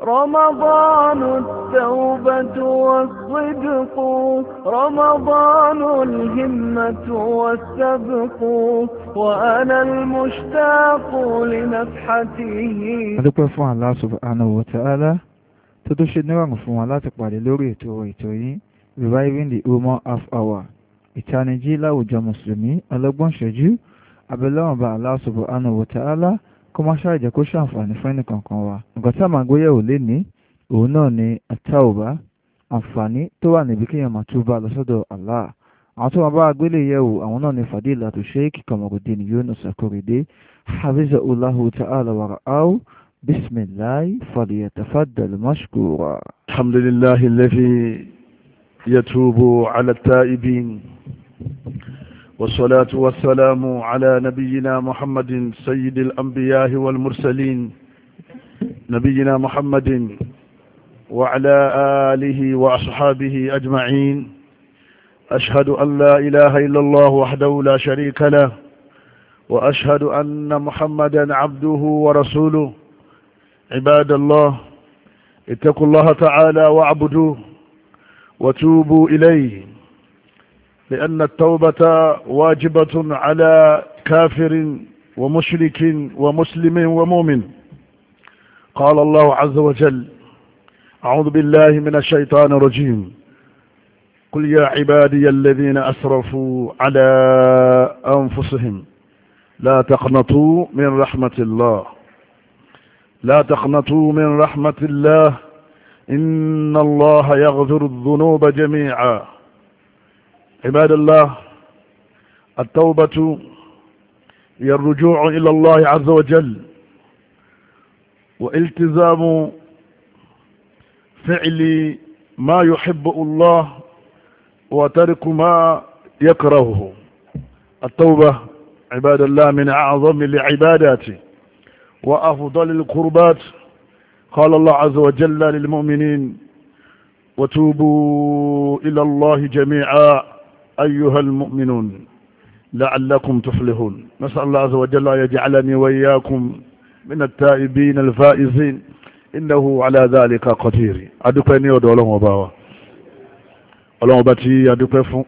رمضان التوبة والصدق رمضان الهمة والسبق وأنا المشتاق لنفحته هذا هو الله سبحانه وتعالى تدوش النوان فما لا تقبل لوري توي توي reviving the Umar of our eternity la ujo muslimi alagbon shoju abelon ba allah subhanahu wa ta'ala kó má ṣàìjẹ́ kó ṣàǹfààní fún ẹnì kankan wa nǹkan tí a máa gbéyẹ̀wò lénìí òun náà ni àtàwùbá àǹfààní tó wà níbi kéèyàn máa túbà lọ sọ́dọ̀ Allah àwọn tó máa bá agbélé yẹ̀wò àwọn náà ni fadilatu sheikh Kamarudeen Yunus Akorede hafizahullahu ta'ala wa ra'ahu bismillah falyatafaddal mashkura. alhamdulillahi alladhi yatubu ala ta'ibin. والصلاة والسلام على نبينا محمد سيد الأنبياء والمرسلين نبينا محمد وعلى آله وأصحابه أجمعين أشهد أن لا إله إلا الله وحده لا شريك له وأشهد أن محمدا عبده ورسوله عباد الله اتقوا الله تعالى واعبدوه وتوبوا إليه لأن التوبة واجبة على كافر ومشرك ومسلم ومؤمن قال الله عز وجل أعوذ بالله من الشيطان الرجيم قل يا عبادي الذين أسرفوا على أنفسهم لا تقنطوا من رحمة الله لا تقنطوا من رحمة الله إن الله يغفر الذنوب جميعا عباد الله التوبة هي الرجوع إلى الله عز وجل والتزام فعل ما يحب الله وترك ما يكرهه التوبة عباد الله من أعظم العبادات وأفضل القربات قال الله عز وجل للمؤمنين وتوبوا إلى الله جميعا أيها المؤمنون لعلكم تفلحون نسأل الله عز وجل أن يجعلني وإياكم من التائبين الفائزين إنه على ذلك قدير أدوكي نيودو لهم وباوا ọlọ́run ọba tí a dúpẹ́ fún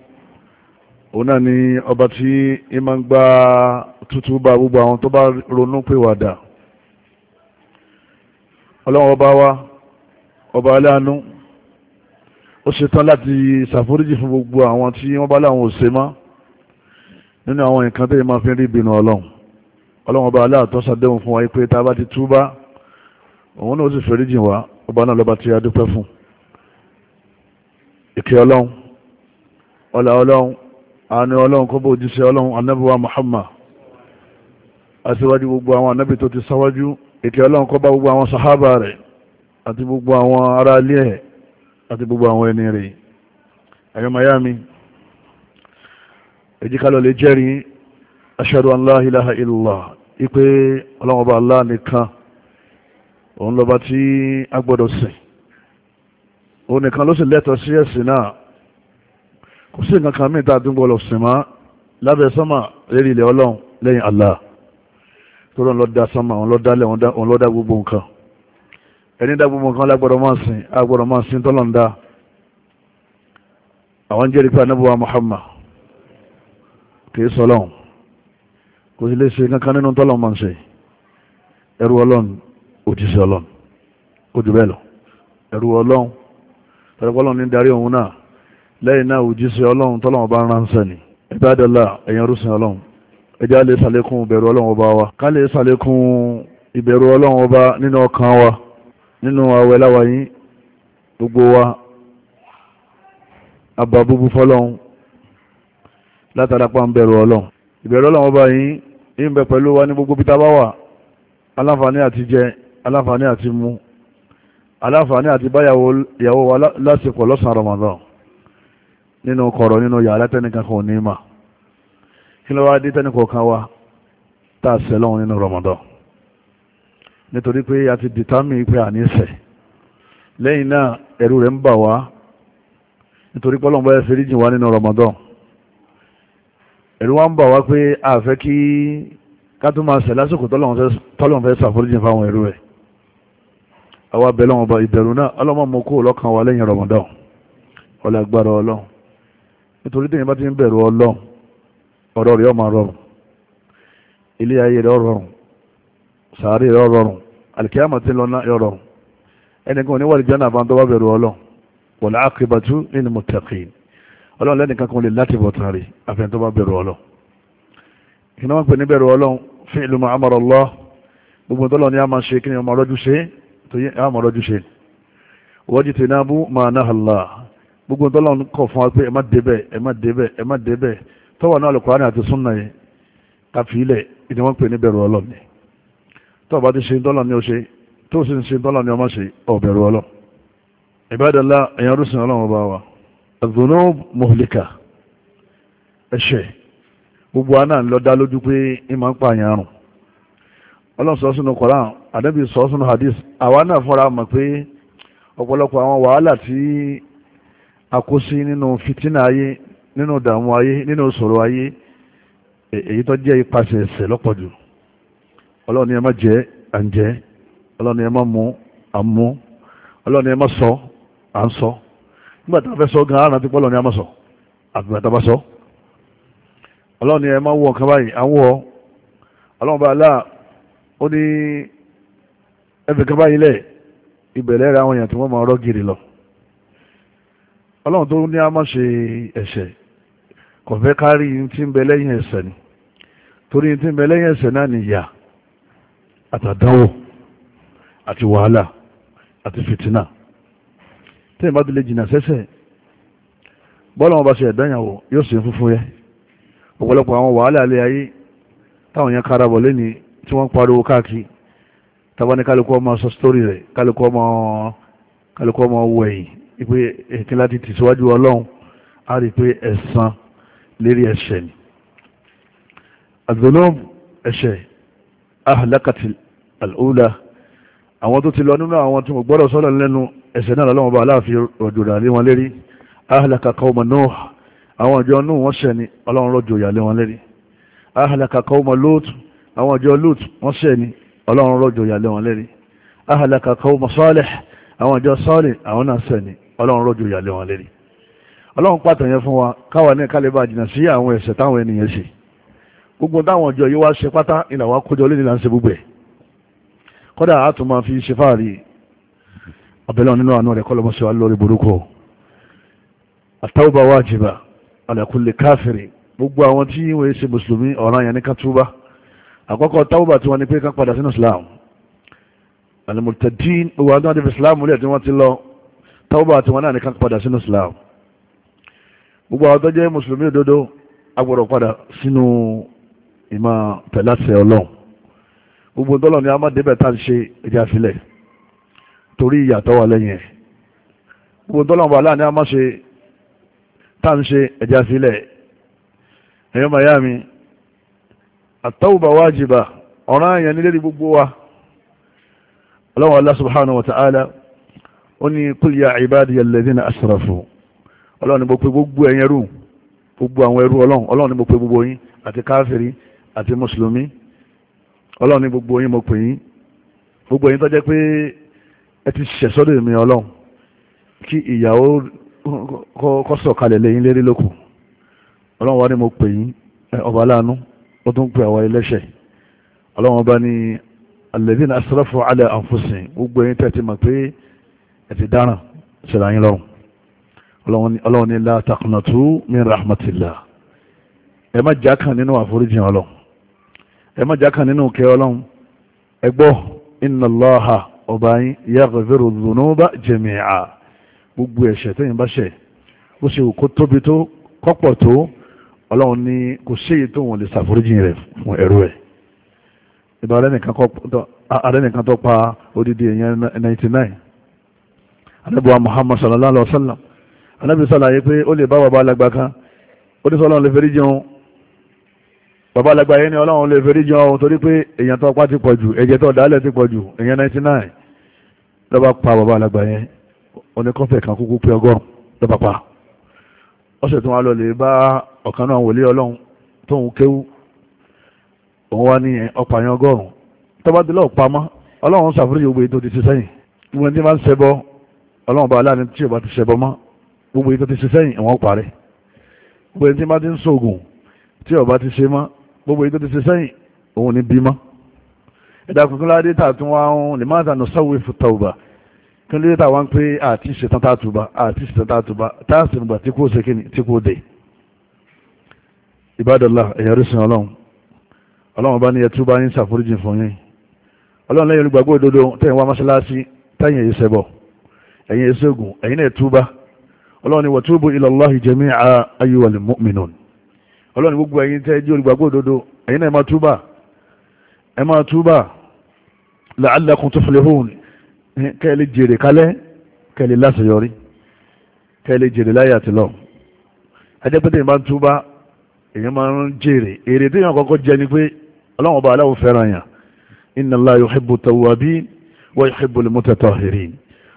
òun náà ni ọba tí ẹ máa ń gba ó ṣetán láti ṣàforíjì fún gbogbo àwọn tí wọ́n bá láwọn òṣè mọ́ nínú àwọn nǹkan tó yẹ máa fi rí ìbínú ọlọ́run ọlọ́run ọba aláàtọ́ ṣàdéhùn fún wa pé tá a bá ti túbá òun náà ó sì fẹ́ríjì wá ọba náà lọ́ba tí a dúpẹ́ fún ìkẹ́ ọlọ́run ọlá ọlọ́run àánú ọlọ́run kó bó jíṣẹ́ ọlọ́run anábíwá Muhammad aṣíwájú gbogbo àwọn anábì tó ti sáwájú ìkẹ́ ọlọ́run kó bá gbogbo àwọn sàhábà rẹ̀ àti gbogbo àwọn ará ilé ẹ̀ àti gbogbo àwọn ẹni rẹ̀ ẹ̀yọ́ miami èjìkálọ̀ lè jẹ́rìí ashhadu an la ilaha wa ipe nìkan òun lọ́ba tí a gbọ́dọ̀ sìn òun nìkan ló sì si sí ẹ̀sìn náà kò sí nǹkan kan mìíràn tàbí gbọ́dọ̀ sìn má lábẹ́ sánmà lérí ilẹ̀ ọlọ́run lẹ́yìn tó lọ́n da òun dálẹ̀ gbogbo nǹkan ẹni dá gbogbo nǹkan lágbọ́dọ̀ máa sìn agbọ́dọ̀ máa sìn tọ́lọ̀ ń dá àwọn jẹ́rìí pé anábọ̀wá Muhammad kìí sọlọ́n kò sí lè ṣe kankan nínú tọ́lọ̀ máa ń ṣe ẹrú ọlọ́run òjíṣẹ́ ọlọ́run ó jù bẹ́ẹ̀ lọ ẹrú ọlọ́run tọ́lọ́pọ́lọ́run ní darí òun náà lẹ́yìn náà òjíṣẹ́ ọlọ́run tọ́lọ̀ ọba ń ránṣẹ́ ni ìbádọ́lá ẹ̀yàn rúṣin ọlọ́run ẹjá lè ṣàlékún ìbẹ̀rù ọlọ́run ọba wa ká lè ṣàlékún ìbẹ̀rù ọlọ́run ọba nínú ọkàn wa nínú àwẹ̀ láwa yín gbogbo wa àbá búbú fọ́lọ́hun látara pa ń bẹ̀rù ọlọ́hun ìbẹ̀rù ọlọ́hun ọba yín yín bẹ pẹ̀lú wa ní gbogbo bí tá bá wà aláǹfààní àti jẹ aláǹfààní àti mu aláǹfààní àti báyàwó ìyàwó wa lásìkò lọ́sàn Ramadan nínú kọ̀rọ̀ nínú yàrá tẹ́nìkan kan ò ní mà kí ló wá dé tẹ́nìkan kan wa tá a sẹ́lọ́hun nínú Ramadan nítorí pé a ti dìtámì pé à ní sẹ̀ lẹ́yìn náà ẹ̀rù rẹ̀ ń bà wá nítorí pé ọlọ́mọba ẹ̀fẹ́ rí jìn wá nínú Ramadan ẹ̀rù wa ń bà wá pé a fẹ́ kí ká tó máa sẹ̀ lásìkò tọ́lọ́n fẹ́ ṣàforíjìn fáwọn ẹ̀rù ẹ̀ àwa bẹ̀ lọ́wọ́ ọba ìbẹ̀rù náà ọlọ́mọ mo kó lọ́kàn wa lẹ́yìn Ramadan ọlọ́gbàrá ọlọ́run nítorí tẹ̀yìn bá ti ń bẹ̀rù ọlọ́run ọ̀rọ̀ rẹ̀ ó alikiyama ti lọ yọrọ ẹnìkan ní wàlìjẹ́ náà fún tọ́wọ́ bẹ̀rù ọlọ́ wọ̀lá àkìbàtú nínú mọ̀tẹ́kì ọlọ́run lẹ́nìkan kan lè láti bọ̀ tán rí àfihàn tọ́wọ́ bẹ̀rù ọlọ́ kí ni wọ́n pè ní bẹ̀rù ọlọ́ fi ìlú mọ̀ àmọ̀rọ̀ lọ gbogbo tọ́lọ́ ni a máa ṣe kí ni ọmọ rọ́jú ṣe tó yẹ àmọ̀ rọ́jú ṣe wọ́jú ti náà bú máa náà hàlá gbogbo tọ́lọ́ kọ̀ fún wa pé ẹ má débẹ̀ ẹ má débẹ̀ ẹ má débẹ̀ tọ́wọ́ náà lọ́kùnrin àti súnnà yìí káfílẹ̀ ìdí wọ́n pè ní bẹ̀rù ọlọ́run tó bá ti ṣe dọ́là ní ọṣe tó sì ń ṣe dọ́là ní ọmọ ṣe ọ̀bẹ̀rù ọlọ́ ìbádọ́lá èèyàn rúṣin ọlọ́run bá wa àdùnnú mọ̀lẹ́kà ẹ̀ṣẹ̀ gbogbo àná ń lọ dá lójú pé ń máa ń pààyàn àrùn ọlọ́run sọ sínú Kùránì àdẹ́bí sọ sínú hadith àwa náà fọ́ra mọ̀ pé ọ̀pọ̀lọpọ̀ àwọn wàhálà tí a kó sí nínú fìtínà ayé nínú ìdààmú ayé nínú ìṣòro ayé èyí tó jẹ́ ipasẹ̀ ẹ̀ṣẹ̀ lọ́pọ̀ jù ọlọ́run ni ẹ má jẹ à ń jẹ ọlọ́run ni ẹ má mu à ń mu ọlọ́run ni ẹ má sọ à ń sọ nígbà tá a fẹ́ sọ gan ara ti pọ́lọ́ ni a má sọ àgbà tá a bá sọ ọlọ́run ni ẹ má wọ nǹkan báyìí à ń wọ ọlọ́run bá aláà ó ní ẹbí kan báyìí lẹ̀ ìbẹ̀lẹ̀ rẹ àwọn èèyàn tí wọ́n máa rọ́ gírì lọ ọlọ́run tó ní a má ṣe ẹ̀ṣẹ̀ kò kárí ti ń bẹ lẹ́yìn ẹ̀ṣẹ̀ ni torí ti ń bẹ lẹ́yìn ẹ̀ṣẹ̀ náà nìyà àtàdánwò àti wàhálà àti fìtínà tí ìbá tilẹ̀ jìnà sẹ́sẹ̀ bọ́ọ̀lù wọn bá ṣe ẹ̀dáyàwó yóò sì fúnfún yẹ ọ̀pọ̀lọpọ̀ àwọn wàhálà alẹ́ ayé táwọn yẹn kára bọ̀ lẹ́ni tí wọ́n pariwo káàkiri tàbá ní kálukú ọmọ sọ sítórì rẹ̀ kálukú ọmọ kálukú ọmọ wọ ẹ̀yìn ipe ètí láti tẹ̀síwájú ọlọ́run a rí i pé ẹ̀san lérí ẹ̀ṣẹ̀ ni àdùnnú ẹ̀ṣẹ̀ ahlakatil al'ula àwọn tó ti lọ nínú àwọn tí mo gbọ́dọ̀ sọ́lọ̀ lẹ́nu ẹ̀sẹ̀ náà lọ́wọ́ bá aláàfin rọ̀jò ìyàlé wọn lérí ahlaka qauma Nuh àwọn ìjọ Nuh wọ́n ṣẹ̀ ni ọlọ́run rọ̀jò ìyàlé wọn lérí ahlaka qauma Lut àwọn ìjọ Lut wọ́n ṣẹ̀ ni ọlọ́run rọ̀jò ìyàlé wọn lérí ahlaka qauma Salih àwọn ìjọ Salih àwọn náà ṣẹ̀ ni ọlọ́run rọ̀jò ìyàlé wọn lérí ọlọ́run pàtàkì yẹn fún wa káwa ní kálíbà jìnnà sí àwọn ẹ̀ṣẹ̀ táwọn ènìyàn ṣe gbogbo táwọn ìjọ yìí wá ṣe pátá ìlàwọ́ kójọ lé kọ́dà á tún máa fi ṣe fáàrí abẹ́lẹ́ nínú àánú rẹ̀ kọ́lọ́mọ́ sí wa lórí burúkú àtàwùbá wájibà àlàkùnlé káfìrì gbogbo àwọn tí wọ́n ṣe mùsùlùmí ọ̀ràn yẹn ní kátúbá àkọ́kọ́ táwùbà tí wọ́n ní pé ká padà sínú islam alimutadin gbogbo àwọn tí wọ́n ti fi islam múlẹ̀ tí wọ́n ti lọ táwùbà tí wọ́n náà ní ká padà sínú islam gbogbo àwọn tó jẹ́ mùsùlùmí òdodo agbọ́dọ̀ padà sínú ìmọ̀ pẹ̀láṣẹ ọlọ́run gbogbo dọ́lọ̀ ni a má débẹ̀ tá ń ṣe ẹja sílẹ̀ torí ìyàtọ̀ wà lẹ́yìn ẹ̀ gbogbo dọ́lọ̀ wà láàrin a má ṣe tá ń ṣe ẹja sílẹ̀ ẹ̀yọ́ miami àtọ́wùbà wájibà ọ̀ràn àyàn nílé gbogbo wa ọlọ́wọ́n Allah wa ta'ala ó ní ya ìbádìí alladhina asrafu ọlọ́run ni mo pe gbogbo ẹ̀yẹrù gbogbo àwọn ẹrú ọlọ́run ọlọ́run ni mo pe gbogbo yín ọlọ́run ní gbogbo yín mo pè yín gbogbo yín tó jẹ́ pé ẹ ti ṣẹ̀ sọ́dọ̀ mi ọlọ́run kí ìyàwó kó sọ̀kalẹ̀ lẹ́yìn lérí lókù ọlọ́run wa ni mo pè yín ọba aláàánú ó tún pè àwa ẹlẹ́ṣẹ̀ ọlọ́run ọba ni alladhina asrafu ala anfusihim gbogbo yín tẹ̀ ti mọ̀ pé ẹ ti dáràn ṣẹlẹ̀ yín lọ́rùn ọlọ́run ni la taqnatu min rahmatillah ẹ má jákàn nínú àforíjì ọlọ́run ẹ má jákà nínú kẹ ọlọ́run ẹ gbọ́ inna Allaha ọba yín yaghfiru dhunuba jami'a gbogbo ẹ̀ṣẹ̀ tẹ́yìn bá ṣẹ̀ ó ṣe kó tóbi tó kọ́pọ̀ tó ọlọ́run ní kò séyìí tó wọn lè ṣàforíjì rẹ̀ fún ẹrú ẹ̀ ìbá arẹ́nìkan tó pa odidi èèyàn 99 anábíwá Muhammad sallallahu alaihi wa sallam anábíwá sàlàyé pé ó lè bá bàbá alágbá kan ó ní sọ́lọ́run lè fẹ́rí jẹun bàbá alàgbà yẹn ni ọlọ́run lè fẹ́rí jọ ohun torí pé èèyàn tó pa ti pọ̀ jù ẹ̀jẹ̀ tó dálẹ̀ ti pọ̀ jù èèyàn 99 lọ́ba pa bàbá alàgbà yẹn oníkọ́fẹ̀ kan kúkú pé ọgọ́rùn lọ́ba pa ọ̀sẹ̀ tó wà lọ lè bá ọ̀kan náà wòlé ọlọ́run tóun kéwú òun wá ní ọ̀pá yẹn ọgọ́rùn tọ́ba délé ọ̀pamọ́ ọlọ́run ṣàforíjì gbogbo ètò ti ṣe sẹ́yìn gbogbo ẹni tí máa ń ṣẹbọ ọlọ́run bá aláàánú tí ìbá ti ṣẹbọ mọ́ gbogbo ètò ti ṣe sẹ́yìn ìwọ̀n parí gbogbo ẹni tí máa ti ń ṣoògùn tí ọba ti ṣe mọ́ gbogbo èyí tó ti ṣe sẹ́yìn òun ní bímọ ẹ̀dá kankan ládé tà tún wá ń lè má dànù sáwé fún tàwùbà kí ló dé tà wá ń pé àti ṣetán tá tuba àti ṣetán tá tuba tá a sì nígbà tí kò ṣe kíni tí kò dé ìbádọ́lá èèyàn rí sin ọlọ́run ọlọ́run bá ní ẹ túbá yín ṣàforíjì fún yín ọlọ́run lẹ́yìn olùgbàgbọ́ òdodo tẹ̀yìn wá mọ́ṣáláṣí tẹ̀yìn èyí ṣẹbọ ẹ̀yìn èyí ọlọ́run gbogbo ẹ̀yin tẹ́ jí olùgbàgbọ́ òdodo ẹ̀yin náà ẹ máa túbà ẹ máa túbà la'allakum tuflihun kẹ́lẹ̀ jèrè kalẹ́ kẹ́lẹ̀ láṣeyọrí kẹ́lẹ̀ jèrè láyé àti lọ ajẹ́pẹ́tẹ́ ìbá túbà èyàn máa ń jèrè èrè tí èyàn kọ́kọ́ jẹ ni pé ọlọ́run ọba aláwọ̀ fẹ́ràn yàn inna Allah yuhibbu tawwabin wa yuhibbu al-mutatahhirin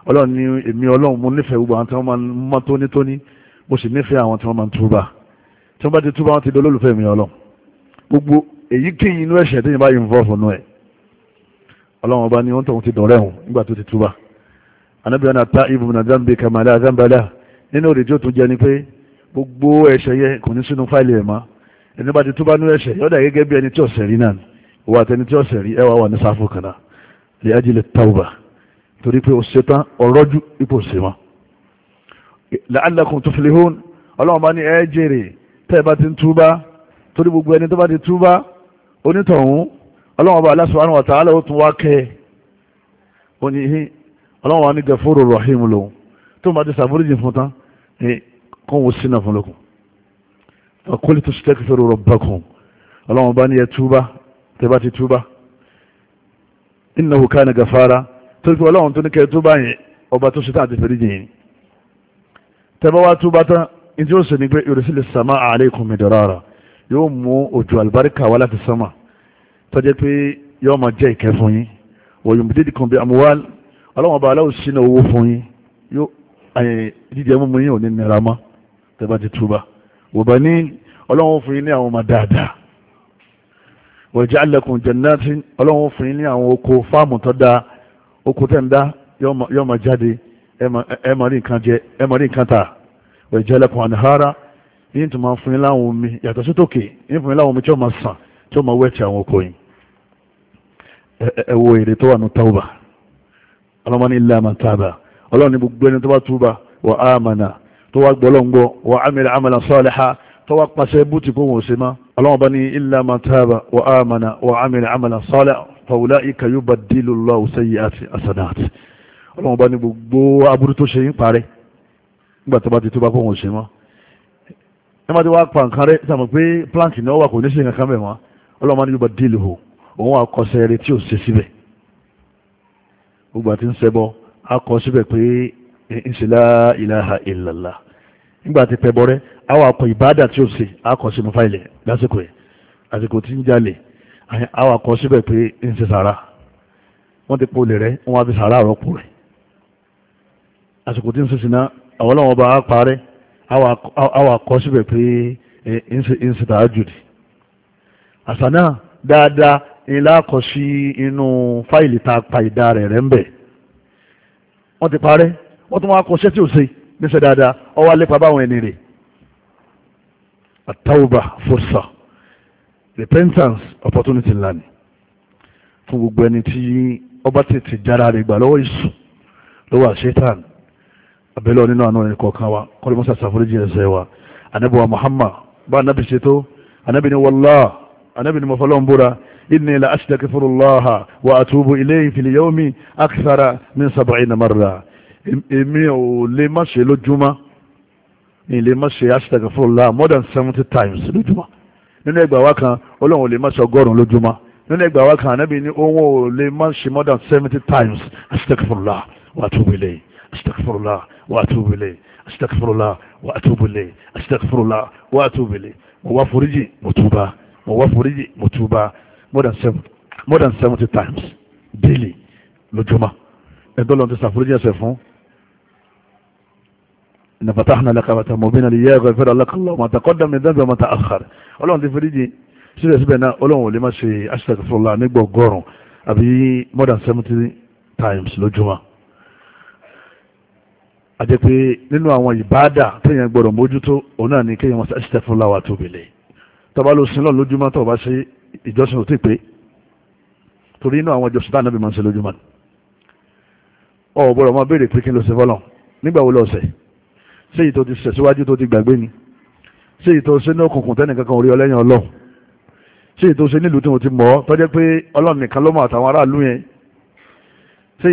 ọlọ́run ni èmi ọlọ́run mo nífẹ̀ẹ́ gbogbo àwọn tí wọ́n máa ń mọ́ tónítóní mo sì nífẹ̀ẹ́ àwọn tí wọ́n máa ń túbà tí wọ́n bá ti túbọ̀ wọn ti dolólùfẹ́ mi ọlọ́run gbogbo èyíkéyìí inú ẹ̀ṣẹ̀ tí yìí bá involve nù ẹ̀ ọlọ́run ọba ni wọ́n tóun ti dọ̀rẹ́ hùn nígbà tó ti túbà anábìyàn náà ta náà zambi kamala zambala nínú òde tí ó ni pé gbogbo ẹ̀ṣẹ̀ yẹ kò ní sínú fáìlì ẹ̀ mọ́ ẹni bá ti túbà nú ẹ̀ṣẹ̀ yọ̀dà gẹ́gẹ́ bí ẹni tí ọ̀sẹ̀ tẹ́ ẹ bá ti ń túbá torí gbogbo ẹni tó bá ti túbá onítọ̀hún ọlọ́wọ́n bá Allah subhanahu wa ta'ala ó tún wá kẹ́ ẹ ó ní ọlọ́wọ́n wa ní gafóró rahim lòun tó máa ti sàmúrìjì fún tán ní kó wọ́n sínà fún lókun ọkùnrin tó ṣiṣẹ́ kẹfẹ́ rọrọ bákan ọlọ́wọ́n bá ní ẹ túbá tẹ́ bá ti túbá innahu kana gafara torí pé ọlọ́wọ́n tó ní kẹ́ túbá yẹn ọba tó ṣe tán àti fẹ́ríjì yẹn tẹ́ bá wá túbá tán ìdí ó sì ní pé yorùsílẹ̀ sàmà alaykum midrara yóò mú òjò àlùbáríkà wá láti sánmà tó jẹ́ pé yóò máa jẹ́ ìkẹ́ fún yín òyìnbó dídì kan bí amúwá ọlọ́wọ́n bá aláwọ̀ sínú owó fún yín yóò jíjẹ mímu yín ò ní nira mọ́ tẹ́ bá ti túbà wòbá ní ọlọ́wọ́n fún yín ní àwọn ọmọ dáadáa wọ̀jẹ́ alẹ́kùn jẹ̀nàtì ọlọ́wọ́n fún yín ní àwọn oko fáàmù tó dáa oko tẹ̀ ń dá yóò máa jáde ẹ máa rí nǹkan jẹ ẹ máa rí nǹkan tà wẹ̀jẹ̀lẹ̀kùn àníhárá yìí tó máa fún yín láwọn omi yàtọ̀ sí tòkè yìí fún yín láwọn omi tí ó máa sàn tí ó máa wẹ̀tì àwọn oko yìí ẹ wo èrè tó wà ní tauba ọlọ́mọ ní ilé àmà tábà ọlọ́run ní gbogbo ẹni tó bá túbà wà á àmàna tó wá gbọ́ lọ́ngbọ́ wà á mẹ́rẹ̀ àmàlà sọ́ọ̀lẹ́ha tó wá pàṣẹ bútì kó wọ́n ṣe má ọlọ́run bá ní ilé àmà tábà wà á àmàna wà á mẹ́rẹ̀ àmàlà sọ́ọ̀lẹ́ fàwùlá ìkà bá dìlù lọ́wọ́ sẹ́yìn àti àsàdáàtì ọlọ́run bá ní gbogbo aburú tó ṣe yín parẹ́ nígbà tó bá ti túbá kó wọn ṣe mọ́ ẹ má ti wá pa nǹkan rẹ sàmù pé plank ní ọwà kò ní ṣe nǹkan kan bẹ̀ mọ́ ọlọ́mọ ní yorùbá díìlì hò òun wà kọsẹ̀ rẹ tí ò ṣe síbẹ̀ gbogbo àti ń ṣẹbọ a kọ síbẹ̀ pé ń ṣe lá ilaha illallah nígbà tí pẹbọ rẹ a wà kọ ìbáàdà tí ò ṣe a kọ sínú fáìlì lásìkò yẹn àsìkò tí ń jalè a wà kọ síbẹ̀ pé ń ṣe sàrà wọ́n ti polè rẹ wọ́n á fi sàrà àrọ́pò rẹ̀ àsìkò tí ń ṣe sinna àwọn ọlọ́wọ́n bá a parẹ́ àwọn akọ síbẹ̀ pé ń ṣe tààjùdì àṣà náà dáadáa ilá kọ sí inú fáìlì tá a pa ìdá rẹ̀ rẹ̀ ń bẹ̀ wọ́n ti parẹ́ wọ́n tún wá kọ ṣẹ́ tí ò ṣe níṣẹ́ dáadáa ọwọ́ alẹ́pàá báwọn ẹni rè àtàwùbà fòṣà repentance opportunity ńlá ni fún gbogbo ẹni tí ọba tètè jára rẹ̀ gbà lọ́wọ́ ìsùn lọ́wọ́ àṣetàn abẹ́lẹ́ nínú àánú ẹni kọ̀ọ̀kan wa kọ́lọ́mọ́sá sàfúrẹ́jì ẹ̀ṣẹ̀ wa anabi wa muhammad bá anabi ṣètò anabi ni wàllá anabi ni mọ̀fọ́lọ́ ń búra inni la astaghfirullah wa atubu ilayhi fil yawmi akthara min sab'ina marra èmi ò lè má ṣe lójúmọ́ ní lè má ṣe astaghfirullah more than seventy times lójúmọ́ nínú ẹgbàá wa kan ọlọ́run ò lè má ṣe ọgọ́rùn-ún lójúmọ́ nínú ẹgbàá wa kan anabi ni òun ò lè má ṣe more than seventy times astaghfirullah wa atubu ilayhi astaghfirullah الله atubu ilayhi astaghfirullah الله atubu ilayhi astaghfirullah الله atubu ilayhi mo wá foríjì mo túbà mo more than seven more than seventy times daily lójúmọ́ ẹgbẹ́ lọ́n ti ṣàforíjì سيفون، fún inna fatahna laka fatahan mubina liyaghfira laka Allahu ma taqaddama min dhanbika wa ma ta'akhkhar ọlọ́run ti foríjì síbẹ̀síbẹ̀ náà ọlọ́run ò lè má ṣe astaghfirullah nígbà more than seventy times lójúmọ́ àjẹ́ pé nínú àwọn ìbáàdà téèyàn gbọ́dọ̀ mójútó òun náà ni kéèyàn wọn ṣe fún láwa tó bèlè tọba ló sin lọ lójúmọ́ tọba ṣe ìjọsìn òtí pé torí inú àwọn ìjọsìn táwọn ẹbí máa ń ṣe lójúmọ́ ọ gbọ́dọ̀ máa béèrè pé kí n lọ sí fọlọ nígbà wo lọsẹ ṣé èyí tó ti ṣẹ̀ síwájú tó ti gbàgbé ni ṣé èyí tó ṣe ní òkùnkùn tẹ́nìkan kan orí ọlẹ́yìn ọlọ́run ṣé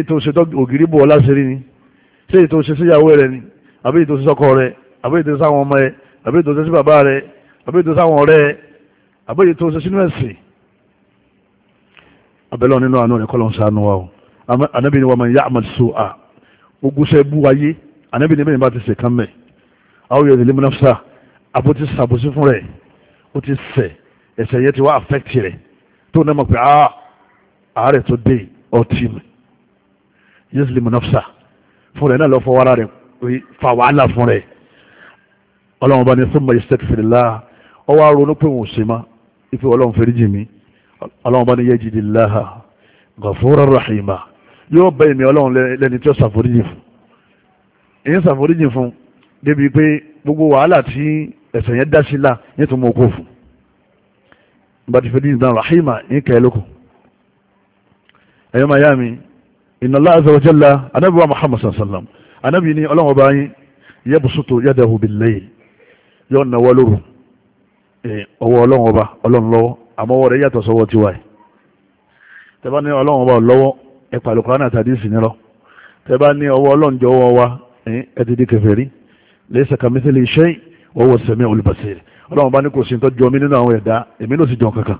èyí ni ṣé ètò ṣe síyàwó rẹ ni àbí ètò ṣe sọ́kọ rẹ àbí ètò sáwọn ọmọ ẹ àbí ètò ṣe sí bàbá rẹ àbí ètò sáwọn ọ̀rẹ́ ẹ àbí ètò ṣe sínú ẹ̀sìn abẹ́lẹ́ nínú àánú rẹ̀ kọ́lọ́ sànù wa o anabi ni wa man ya'mal su'a gbogbo ṣe bú ayé anabi ni bẹ́ẹ̀ bá ti ṣe kán mẹ́ àwọn yẹn lèmi náfṣà àbó ti ṣàbòsí fún rẹ̀ ó ti ṣẹ̀ ẹ̀ṣẹ̀ yẹn ti wá affect rẹ̀ tó náà mọ̀ pé ah, àárẹ̀ tó dé ọtí mi yẹn lèmi náfṣà fún rẹ̀ náà lọ fọwọ́ ara rẹ̀ fa wàhálà fún rẹ̀ ọlọ́run bá ní súnmọ́ istaghfirullah ọ wá ronú pé òun ṣe má ife ọlọ́run fẹ́rí jì mí ọlọ́run bá ní yajidillaha ghafura rahima yóò bẹ́ ìmì ọlọ́run lẹ́ni tí ó ṣàforíjì fún èyí ṣàforíjì fún débi pé gbogbo wàhálà tí ẹ̀sẹ̀ yẹn dá sí là yẹn tó mú okó fún bá ti jì náà rahima yín kẹ́ lóko ẹ̀yọ́ máa yá mi inna Allah azza wa jalla anábì wa muhammad sallam anábì ní ọlọ́run ọba yín yabsutu yadahu bil-layl yóò náwó lóru ọwọ́ ọlọ́run ọba ọlọ́run lọ́wọ́ àmọ́wọ́ rẹ̀ yàtọ̀ sọ́wọ́ tiwa ẹ̀ tẹ́bá ní ọlọ́run ọba lọ́wọ́ ẹ pàlùkọ́ àná àtàdé sì ní lọ tẹ́bá ní ọwọ́ ọlọ́run jọ wọ́n wa ẹ ti di kèfèrí laysa kamithlihi shay'un wa huwa as-sami'ul basir ọlọ́run ní kò sí tọ́jú omi nínú àwọn ẹ̀dá èmi ló sì jọ kankan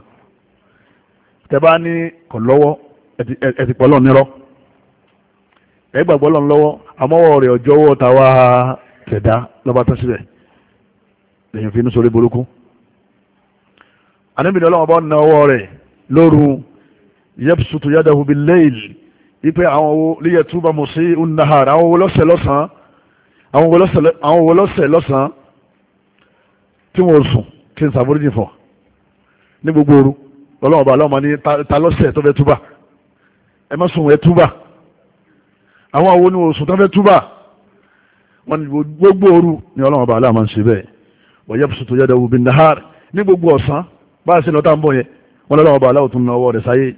tẹ́bá ní kò lọ́wọ́ ẹ ẹ gbàgbọ́ lọ́n lọ́wọ́ àmọ́wọ́ rẹ̀ ọjọ́wọ́ tàwa tẹ̀dá lọ́ba tán síbẹ̀ lẹ́yìn fi inú sórí burúkú anábìnrin ọlọ́wọ́ bá na ọwọ́ rẹ̀ lóru yẹ́pùsùtù yádàhù bil layl wípé àwọn owó líyẹ túbà mọ̀ sí nahar àwọn owó lọ́sẹ̀ lọ́sàn àwọn owó lọ́sẹ̀ lọ́sàn tí wọ́n sùn kí n sàmúrìjì fọ̀ ní gbogbo òru ọlọ́wọ́ bá ọlọ́wọ́ ní ta lọ́sẹ̀ tó fẹ́ túbà ẹ má sùn ẹ túbà àwọn àwọn oníwò sùn tán fẹ́ túbà wọn ni gbogbo òru ni ọlọ́run ọba aláàmà ń ṣe bẹ́ẹ̀ wọ́n yẹ fùsùn tó yẹ dẹ̀wù bìnnahar ní gbogbo ọ̀sán bá a ṣe lọ tá ń bọ̀ yẹn wọn lọ́wọ́ ọba aláwọ̀ tún náwó rẹ̀ sáyé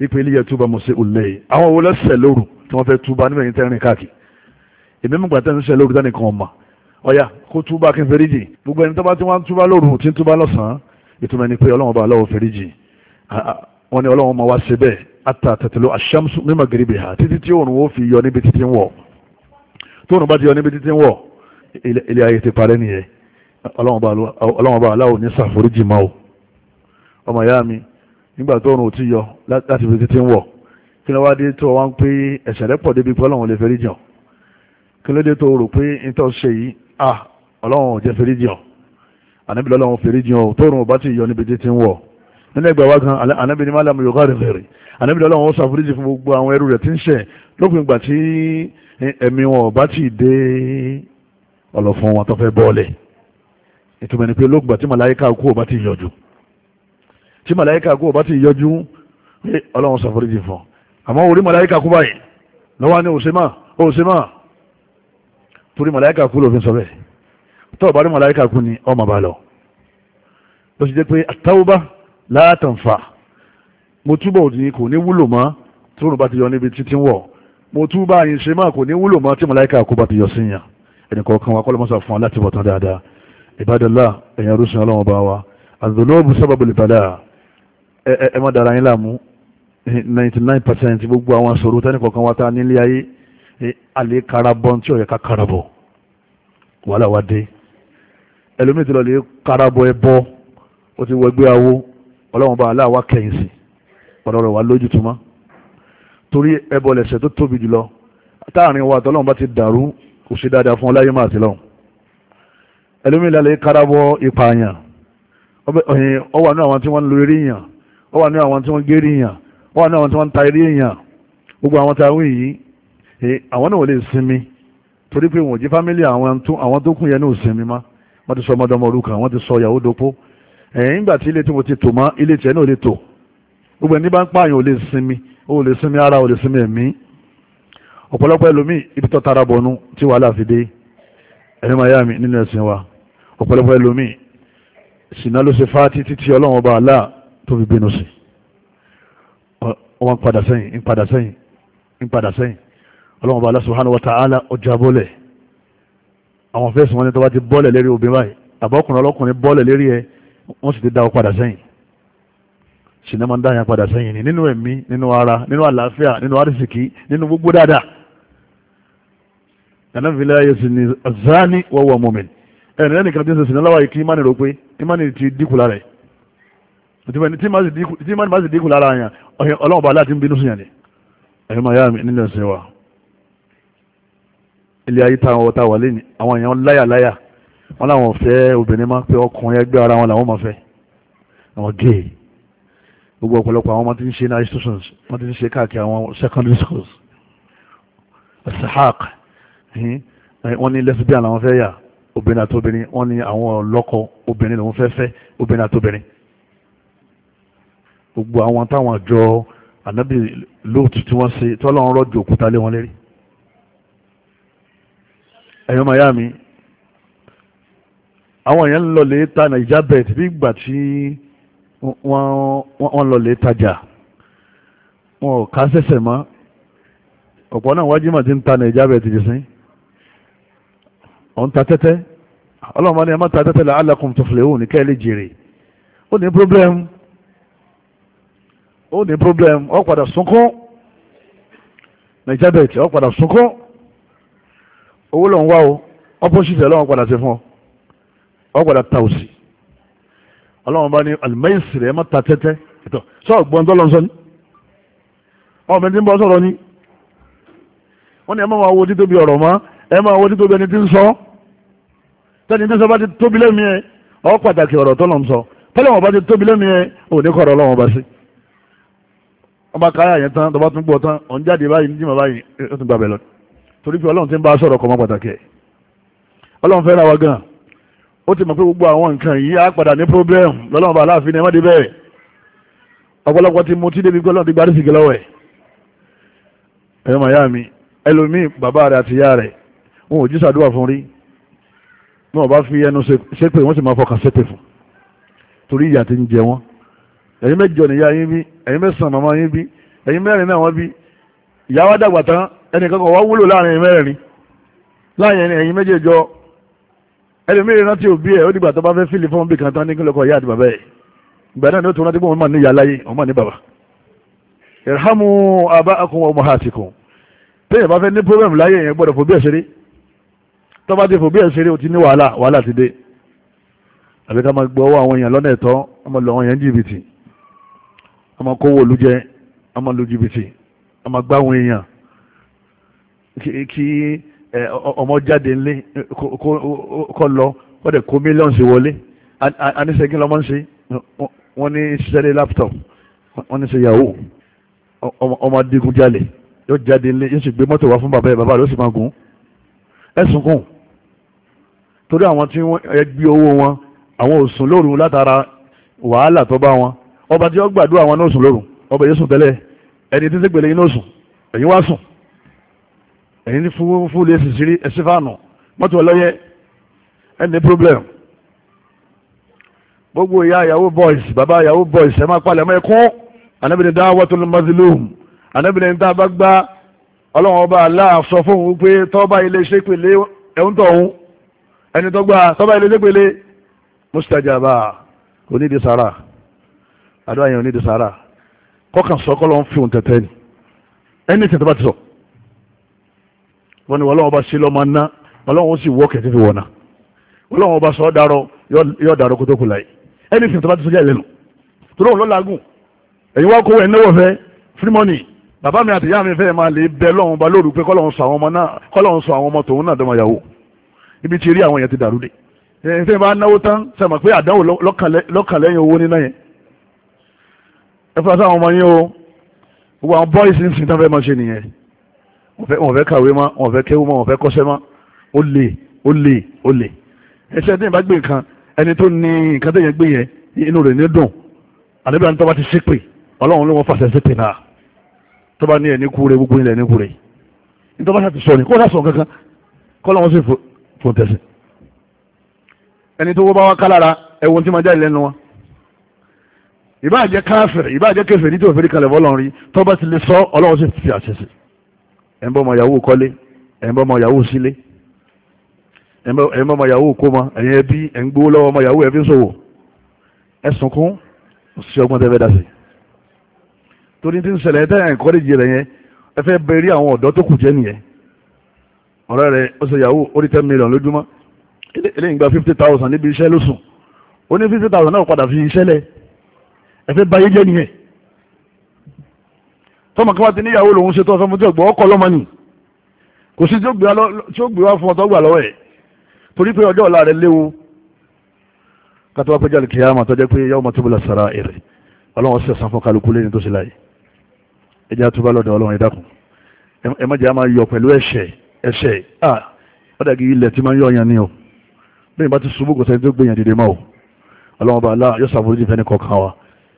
ipe ilé yẹ túbà mọ̀ sí ulẹ̀ àwọn owó lẹ́sẹ̀ lóru tí wọ́n fẹ́ túbà níbẹ̀ yìí tẹ́rìn káàkiri wọ́n ní ọlọ́run máa wá ṣe bẹ́ẹ̀ ata tẹ̀tẹ̀ló aṣámsù mímọ̀ gíríbì ha títí tí òòrùn ó fi yọ níbi títí ń wọ̀ tóòrùn bá ti yọ níbi títí ń wọ̀ ilé ayé ti parẹ́ nìyẹn ọlọ́run bá aláwọ̀ ní sàforíjì máa o ọmọ ìyá mi nígbà tóòrùn ò ti yọ láti fi títí ń wọ̀ kí ló wá dé tó wá ń pé ẹ̀ṣẹ̀ rẹ̀ débi pé ọlọ́run lè fẹ́rí jàn kí ló dé tó rò pé n ṣe yìí ah ọlọ́run ò jẹ́ fẹ́rí jàn ànábìlọ́lọ́run fẹ́rí jàn tóòrùn nínú ẹgbẹ̀ wá gan anábì ní málàmù yóò gáàrí rẹ̀ anábì lọ́la wọn ṣàforíjì fún gbogbo àwọn ẹrú rẹ̀ tí ń ṣẹ̀ lópin ìgbà tí ẹ̀mí wọn bá ti dé ọlọ́fun wọn tó fẹ́ bọ́ọ̀lẹ̀ ìtumọ̀ ni pé lópin ìgbà tí màláyíká kú ọba ti yọjú tí màláyíká kú ọba ti yọjú ọlọ́run ṣàforíjì fún àmọ́ orí màláyíká kú báyìí lọ́wọ́ ni òṣèmá òṣèmá torí màláyíká kú lòfin sọ bẹ́ẹ̀ tọ́ọ̀ bá rí kú ni ọmọ látàǹfà mo túbọ̀ ní kò ní wúlò mọ́ tí òun bá ti yọ níbi títí wọ̀ mo túbọ̀ àyìn ṣe máa kò ní wúlò mọ́ tí màláìka kó bá ti yọ síyàn ẹnìkọ̀ọ̀kan wa kọ́lọ́mọ́sà fún wa láti bọ̀ dáadáa ìbádọ́lá ẹ̀yìn arúsùn ọlọ́run bá wa àdùnnọ́ọ̀bù sábàbù lìbàdà ẹ má dara yín láàmú ninety nine percent gbogbo àwọn sọ̀rọ̀ tẹ́nìkọ̀ọ̀kan wa ta nílé ayé alẹ́ karabọ̀ tí ó yẹ ká karabọ̀ wàhálà wa dé ẹlòmíì ti lọ lè karabọ̀ ẹ bọ́ ó ti wọ ẹgbẹ́ awo ọlọ́run bá aláwa kẹyìn sí ọ̀rọ̀ rẹ̀ wá lójútùmọ́ torí ẹbọ lẹ̀sẹ̀ tó tóbi jùlọ táàrin wa tọ́lọ́run bá ti dàrú kò sí dáadáa fún ọláyé máa ti lọ́hùn ẹlòmíì lálẹ́ káràbọ̀ ìpààyàn ó wà ní àwọn tí wọ́n ń lo eré yàn ó wà ní àwọn tí wọ́n ń gérí yàn ní àwọn tí wọ́n ta eré gbogbo àwọn tá a wí yìí àwọn náà wọlé sinmi torí pé wọn jí fámílì àwọn tó kún yẹn ní òsinmi má wọ́n ti sọ ọmọdé ọmọ orúkọ àwọn ti sọ ìyàwó dopó ẹ̀yìn ìgbà tí ilé tí mo ti tò mọ́ ilé tiẹ̀ náà lè tò gbogbo ẹni bá ń pààyàn ò lè sinmi ò lè sinmi ara ò lè sinmi ẹ̀mí ọ̀pọ̀lọpọ̀ ẹlòmíì ibi tó tara bọ̀nu tí wàhálà fi dé ẹni máa yá mi nínú ẹ̀sìn wa ọ̀pọ̀lọpọ̀ ẹlòmíì ṣìnà ló ṣe fá títí tí ọlọ́run ọba àlá tó fi bínú sí wọn padà sẹ́yìn ń padà sẹ́yìn ń padà sẹ́yìn ọlọ́run ọba àlá subhanahu wa ta'ala ọjà bọ́lẹ̀ àwọn fẹ́sùn wọn ni tó bá ti bọ́lẹ̀ lérí obìnrin báyìí àbọ̀kùnrin ọlọ́kùnrin bọ́lẹ̀ lérí ẹ̀ wọ́n sì ti dá ọ padà sẹ́yìn sinimá ń dá yẹn padà sẹ́yìn ni nínú ẹ̀mí nínú ara nínú àlàáfíà nínú àrísìkí nínú gbogbo dáadáa ẹ̀nàfìlẹ̀ ayé sì ni azani wọ́wọ́ mọ́mìn ẹ̀rìn lẹ́nu kan tí ń sọ sinimá láwàyè kí imáni rò pé imáni ti dínkù lára ẹ̀ tí imáni bá sì dínkù lára yẹn ọlọ́run bá aláàtí ń bínú sí yẹn ni ẹ̀yìn máa yá mi nílẹ̀ ṣe wa ilé ayé táwọn wọ́n láwọn fẹ́ obìnrin máa ń pẹ́ ọkùnrin ẹgbẹ́ ara wọn làwọn máa fẹ́ àwọn gay gbogbo ọ̀pọ̀lọpọ̀ àwọn máa ti ń ṣe ní institutions máa ti ń ṣe káàkiri àwọn secondary schools asahak wọ́n ní lesbian làwọn fẹ́ yà obìnrin àti obìnrin wọ́n ní àwọn ọlọ́kọ obìnrin lòun fẹ́ fẹ́ obìnrin àti obìnrin gbogbo àwọn táwọn àjọ ànábì lóòtù tí wọ́n ṣe tọ́lọ́run rọ̀jò òkúta lé wọn lérí ẹ̀yọ́ miami àwọn èèyàn ń lọlé ta naija bet bí ìgbà tí wọ́n lọlé tajà wọn ò ká sẹ̀sẹ̀ mọ́ ọ̀pọ̀ náà wájú mà ń ta naija bet jù sí òun ta tẹ́tẹ́ ọlọ́run bá ní ẹ má ta tẹ́tẹ́ la alakum tuflihun ní kẹ́lẹ́ jèrè ó ní problem ó ní problem ó padà sunkún naija bet ó padà sunkún owó lòun wá o opposite ẹ̀ lọ́wọ́ padà sí fún ọ ọ̀gbọ̀dà tàùsì ọlọ́run bá ní alimẹ́sì rẹ̀ mọ́ta tẹ́tẹ́ ìtọ̀ sọ gbọ́n tó lọ́nṣọ́ ni ọmọ ẹni tí ń bọ́ sọ̀rọ̀ ni wọ́n ní ẹ máa wo títóbi ọ̀rọ̀ mọ́ ẹ máa wo títóbi ẹni tí ń sọ tẹ́ni tí ń sọ bá ti tóbi lẹ́mí ẹ ọ pàtàkì ọ̀rọ̀ tọ́lọ̀ ń sọ tọ́lọ̀ wọn bá ti tóbi lẹ́mí ẹ ò ní kọ̀rọ̀ ọlọ́run bá sí wọ́n bá káyà yẹn tán tọ́ba tún gbọ́ tán ọ̀n jáde báyìí ní jìmọ̀ báyìí ó tún gbàbẹ̀ lọ torí pé ọlọ́run ti ń bá sọ̀rọ̀ kọ́ mọ́ pàtàkì ọlọ́run fẹ́ràn wa gan-an ó ti mọ̀ pé gbogbo àwọn nǹkan yìí á padà ní problem lọ́lọ́run bá aláàfin ni ẹ má dé bẹ́ẹ̀ ọ̀pọ̀lọpọ̀ ti mu tí débi pé ti gbárí sìgá lọ́wọ́ ẹ̀ ẹ̀rọ màyá mi ẹlòmíì bàbá rẹ̀ àti ìyá rẹ̀ wọn ò jí sàdúrà fún rí wọn ò bá fi ẹnu ṣépè wọn sì máa fọkàn ṣépè fún torí ìyà ti ń jẹ wọn ẹ̀yin mẹ́jọ nìyá yín bí ẹ̀yin mẹ́sàn-án màmá yín bí ẹ̀yin mẹ́rin náà wọ́n bí ìyá wa dàgbà tán ẹnìkan kan wá wúlò láàrin ẹ̀yin mẹ́rin láàrin ẹ̀yin méjèèjọ ẹlòmíì rántí òbí ẹ ó dìgbà tó bá fẹ́ fìlì fún bìkan tán ní kí lọ́kọ̀ ìyá àti bàbá ẹ̀ ìgbà náà ni ó tún rántí pé òun mà ní ìyá láyé òun mà ní bàbá irhamu aba'akum wa ummahatikum téèyàn bá fẹ́ ní problem láyé yẹn gbọ́dọ̀ fòbí ẹ̀ ṣeré tó bá ti fòbí ẹ̀ ṣeré o ti ní wàhálà wàhálà ti dé àbí ká máa gbọ́ àwọn èèyàn lọ́nà ẹ̀tọ́ a máa lọ jìbìtì a kí ọmọ jáde ńlé kọ lọ wọ́n dẹ̀ kó mílíọ̀nù sí wọlé aníṣẹ́gí lọ́mọ́ ń ṣe wọ́n ní ṣẹ́lẹ̀ laptop wọ́n ní ṣe yahoo ọmọ adigun jalè yóò jáde ńlé yóò sì gbé mọ́tò wá fún bàbá yẹn bàbá rẹ̀ ó sì máa gùn ẹ̀sùn kùn torí àwọn tí wọ́n gbé owó wọn àwọn ò lóru látara wàhálà tó bá wọn ọba tí wọ́n gbàdúrà wọn náà sùn lóru ọba yóò sùn tẹ́lẹ̀ ẹni tí ń sẹ́gbẹ̀lẹ̀ yín náà sùn ẹ̀yin wá sùn ẹ̀yin ní fúfú lè sì sírí ẹ̀sìn fáànù mọ́tò ọlọ́yẹ ẹni problem gbogbo ìyá ìyàwó boys bàbá ìyàwó boys ẹ máa palẹ̀ ẹ̀mọ́ ẹ̀kún anábìnrin dá wọ́tò ní mazilum anábìnrin tá a bá gbá ọlọ́run ọba aláàfọ fóun pé tọ́ba ilé iṣẹ́ pèlè ẹ̀hún tọ̀hún ẹni tó gbà tọ́ba ilé iṣẹ́ pèlè mustajaba kò ní di sara àdúrà yẹn ò ní di sara kọ́kàn sọ́kọ́ lọ́n fi òun tẹ̀tẹ̀ ni ẹni tẹ̀tẹ̀ bá ti sọ̀rọ̀ wọ́n ní wọ́n lọ́wọ́ bá ṣe lọ́mọ ná wọ́n lọ́wọ́ sì wọ́ kẹ̀tẹ́ fi wọ̀nà wọ́n lọ́wọ́ bá sọ ọ́ darọ yọ darọ kótó kù láyé ẹni tí tọ́ba ti sọ́jà ìlẹ́nu torí òun lọ́làgùn ẹ̀yin wá kówó ẹ̀ fẹ́ free money bàbá mi àtìyá mi fẹ́ máa lè bẹ lọ́run ba lóru pé kọ́lọ́run sọ àwọn ọmọ náà kọ́lọ́run sọ àwọn ọmọ tòun náà dọ́mọ yàwó ibi tí rí àwọn yẹn ti dàrú dé ẹ̀fẹ́ bá náwó tán sẹ́mọ̀ wọ́n fẹ́ kàwé mọ́ wọ́n fẹ́ kéwú mọ́ wọ́n fẹ́ kọ́ṣẹ́ mọ́ ó lè ó lè ó lè ẹsẹ̀ tí ìbá gbé nǹkan ẹni tó ní nǹkan tó yẹn gbé yẹn inú rẹ̀ ní dùn àdébíyà ní tọ́ba ti ṣépè ọlọ́run ló wọ́n fàṣẹ ṣépè náà tọ́ba ní ẹni kúre gbogbo ilẹ̀ ní kúre nítorí wọ́n ti sọ ni kó dà sọ kankan kọ́ lọ́wọ́ sí fò tẹ̀sí ẹni tó wọ́ bá wá ká lára ẹ̀wọ̀n tí máa jáde lẹ́nu wọn ìbá jẹ́ káfíìrì ìbá jẹ́ kèfèrí tí òfin kalẹ̀ fọlọ́run rí tọ́ba ti lè sọ ọlọ́run sì fi àṣẹ sí ẹ̀ ń bọ́ ọmọ yahoo kọ́lé ẹ̀ ń bọ́ ọmọ yahoo sílé ẹ̀ ń bọ́ ọmọ yahoo kó mọ ẹ̀yìn ẹbí ẹ̀ ń gbowó lọ́wọ́ ọmọ yahoo ẹ̀ fi ń ṣòwò ẹ̀ sunkún sí ọgbọ́n tẹ́fẹ́ dá sí torí tí ń ṣẹlẹ̀ ẹ̀ tẹ́yà ìkọ́lẹ́jì yẹn ẹ fẹ́ bẹ̀rẹ̀ àwọn ọ̀dọ́ tó kù jẹ́ nìyẹn ọ̀rẹ́ rẹ̀ ó ṣe yahoo ó rí ten million lójúmọ́ eléyìí gba fifty thousand níbi iṣẹ́ lóṣù ó ní fifty thousand náà padà fi iṣẹ́ lẹ̀ ẹ fẹ́ báyé jẹ́ nìyẹn tọmọ kí wọn ti níyàwó lòun ṣe tọ́ sọmọ tí ọgbọ́ ọkọ lọ́mọ ni kò sí tí ó gbé wá fún ọtọ́ gbà lọ́wọ́ ẹ̀ torí pé ọjọ́ ọ̀la rẹ̀ léwu kátó wá péjọ kìí àmà tọ́jọ́ pé yawma tubla sarair ọlọ́run ṣe san fún kálukú lẹ́yìn tó ṣe láyé ẹjẹ́ àtúbà lọ́dọ̀ ọlọ́run ẹ dákun ẹ má jẹ́ àmà yọ pẹ̀lú ẹ̀ṣẹ̀ ẹ̀ṣẹ̀ à ọ̀dàgì ilẹ̀ tí máa yọ ọyàn ni o bẹ́ẹ̀ bá ti ṣubú kò sẹ́ni tó gbé yàn dìde mọ́ o ọlọ́run bá aláà yọ sàbórí ìfẹ́ ní kọ̀ọ̀kan wa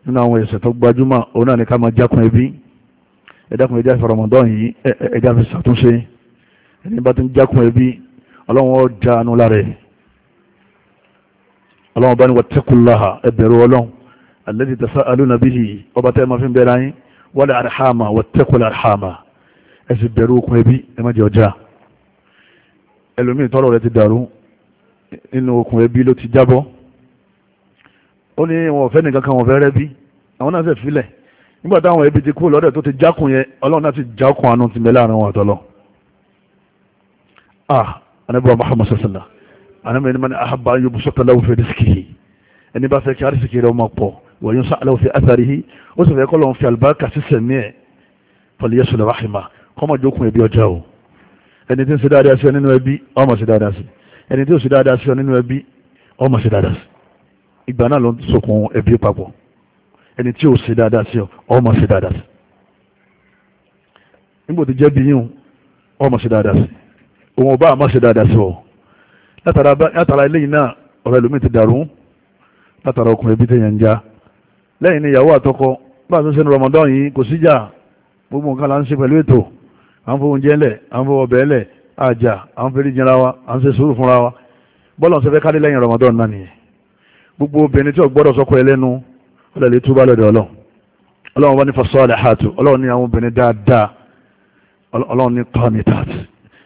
nínú àwọn ẹ̀ṣẹ̀ tó gbajúmọ̀ òun náà ni ká máa jákun ẹbí ẹ̀dàkùn ẹ̀dà ìfọ̀rọ̀mọ̀dọ́ yìí ẹ̀dà fi ṣàtúnṣe ẹni bá ti ń jákun ẹbí ọlọ́run ó já anú lára ẹ̀ ọlọ́run bá ní wattaqullaha ẹ̀bẹ̀rù ọlọ́run alladhi tasa'aluna bihi ọba tẹ́ ẹ máa fi ń bẹ̀rẹ̀ ayín wal arhama wattaqul arhama ẹ sì bẹ̀rù okùn ẹbí ẹ má jẹ́ ọjà ẹlòmíì tọ́rọ̀ rẹ ti dàrú nínú okùn ẹbí ló ti jábọ́ ó ní wọn ò fẹ́ nìkan kan wọn fẹ́ rẹ́ bí àwọn náà fẹ́ filẹ̀ nígbà táwọn ẹbí ti kú lọ́dẹ̀ tó ti jákun yẹn ọlọ́run náà ti jákun àánú ti bẹ láàrin wọn àtọ́lọ́ ah anabi wa muhammad sassala anabi ni mani ahaba an yubu sọtala wofẹ risikihi ẹni bá fẹ́ kí arisiki rẹ̀ ọmọ pọ̀ wọ́n yóò sọ aláwọ̀ fi asarihi ó sì fẹ́ kọ́ lọ́n fi alibarika sí sẹ̀mí ẹ̀ fọlẹ̀ yẹsù lọ́wọ́ àhìmá kọ́mọ jókun ẹbí ọjà o ẹni tí ń ṣe dáadáa sí ọ nínú ẹbí ọmọ sí dáadáa sí ẹni tí ò sí dáadáa sí ọ nínú ẹbí ọmọ sí dáadáa sí ìgbà náà ló ń sokun ẹbí papọ̀ ẹni tí ó ṣe dáadáa sí ọ ọmọ ṣe dáadáa sí jẹ́ bí yín ọmọ ṣe dáadáa sí òun ọba àmọ́ ṣe dáadáa sí ọ látara eléyìí náà ti dàrú látara ọkùnrin bí lẹ́yìn ni ìyàwó àtọkọ bá a tún sẹ́nu Ramadan yìí kò síjà gbogbo nǹkan ń pẹ̀lú ètò à ń à ń ọbẹ̀ lẹ̀ àjà à gbogbo obìnrin tí sọkọ ọlọ́run lè túbọ̀ lọ́dọ̀ ọlọ́run ọlọ́run wọn ní fasalihatu ọlọ́run ní àwọn obìnrin dáadáa ọlọ́run ní qanitat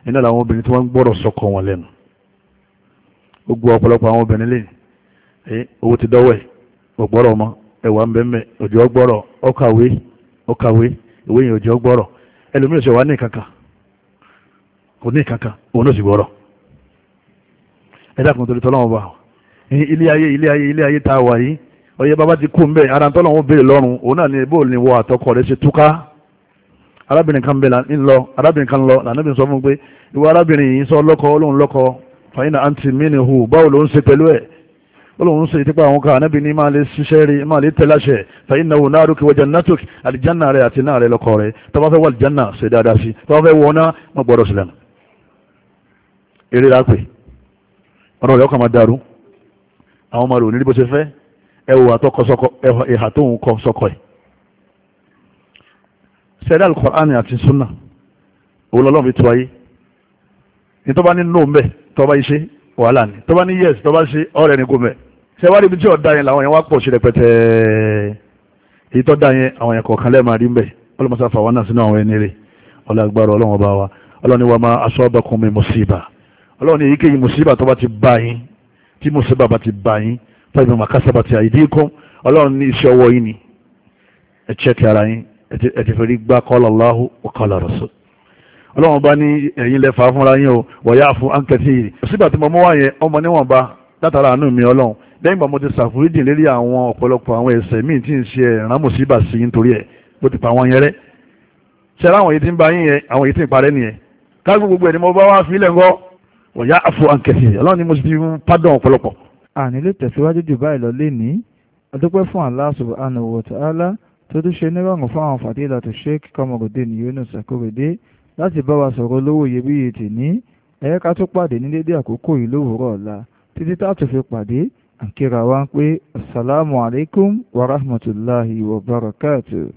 iná làwọn obìnrin tí wọ́n ń gbọ́rọ̀ sọ́kọ wọn lẹ́nu gbogbo ọ̀pọ̀lọpọ̀ àwọn obìnrin lè owó ti dọ́wọ́ ẹ̀ ọ̀gbọ́rọ̀ ọmọ ẹ̀wà ńbẹ́ńbẹ́ òjò ọgbọ́rọ̀ ọkàwé ọkàwé ìwé yẹn òjò ọgbọ́rọ̀ ẹlòmíràn ṣe wà ní kankan kò ní kankan òun ló sì gbọ́rọ̀ ẹ̀dá kan tó lè tọ́lọ́wọ́n bá ilé ọyẹ bàbá ti kú mbẹ ara ntọ́lọ̀ ń béèrè lọ́rùn òun náà ni bó ni wọ àtọkọ rẹ ṣe túká arábìnrin kan bẹ ń lọ arábìnrin kan lọ lànà bìnrin sọ fún un pé ìwọ arábìnrin yìí sọ lọ́kọ olóhùn lọ́kọ fàyínà àǹtí mí ni hù báwo ló ń ṣe pẹ̀lú ẹ̀ olóhùn ṣe ìtìpá àwọn kan ànábì ní máa lè ṣiṣẹ́ rí máa lè tẹ̀lé àṣẹ fàyínà wò náà rúkì wọjà nàtòk àlìjánà rẹ àti náà rẹ lọ́kọ rẹ tó bá fẹ́ ṣe dáadáa sí tó bá fẹ́ wọ náà má nù. eré la pè ọ̀rọ̀ rẹ̀ ọkàn máa dàrú àwọn ọmọ rò ní bó ṣe fẹ́ ẹwà tó kọ sọkọ ẹhà tó ń kọ sọkọ ẹ̀ sẹ́dá alukur'ani àti sunna òun lọ́lọ́run fi tu ayé ní tó bá ní nóò mbẹ tó bá yí ṣe wàhálà ni tó bá ní yẹs tó bá ṣe ọ̀rẹ́ ni kò mbẹ ṣe wá níbi tí ọ̀dà yẹn làwọn yẹn wá pọ̀ sí rẹpẹtẹ èyí tó dá yẹn àwọn yẹn kọ̀ọ̀kan lẹ́ẹ̀ rí mbẹ ọlọ́mọṣá fà wọn náà sínú àwọn ẹni rè ọlọ́gbàrọ̀ ọlọ́wọ́n bá wa ọlọ́ni wa máa aṣọ ọbẹ̀kùn mùsíbà ọlọ́ni èyíkéyìí mùsíbà tó ti bá yín tí mùsíbà bá ti bá yín tàbí màkàsàbà ti àìdí kún ọlọ́run ní iṣẹ́ ọwọ́ yìí ni ẹ chẹ́kì ara yín ẹ ti fẹ́rí gbá qala Allahu wa qala rasul ọlọ́run bá ní ẹ̀yìn lẹ́fà fúnra yín o wọ̀yá fún ankẹ́tì sígbà tí mo mú wá yẹn ọmọ níwọ̀nba látara àánú mi ọlọ́run lẹ́yìn ìgbà mo ti ṣàforíjì lérí àwọn ọ̀pọ̀lọpọ̀ àwọn ẹ̀ṣẹ̀ míì tí ń ṣe ìrànmùsíbà sí àní lè tẹ̀síwájú jù báyìí lọ lénìí adúpẹ́ fún Allah subhanahu wa ta'ala tó tún ṣe nírọ̀rùn fún àwọn fadilatu Sheikh Kamarudeen Yunus Akorede láti bá wa sọ̀rọ̀ lówó iyebíye tèní ẹ̀yẹ́ ká tún pàdé ní dédé àkókò yìí lówùúrọ̀ ọ̀la títí tá a tún fi pàdé àǹkírà wa ń pé asalaamualeykum wa rahmatulahi wa barakatuh.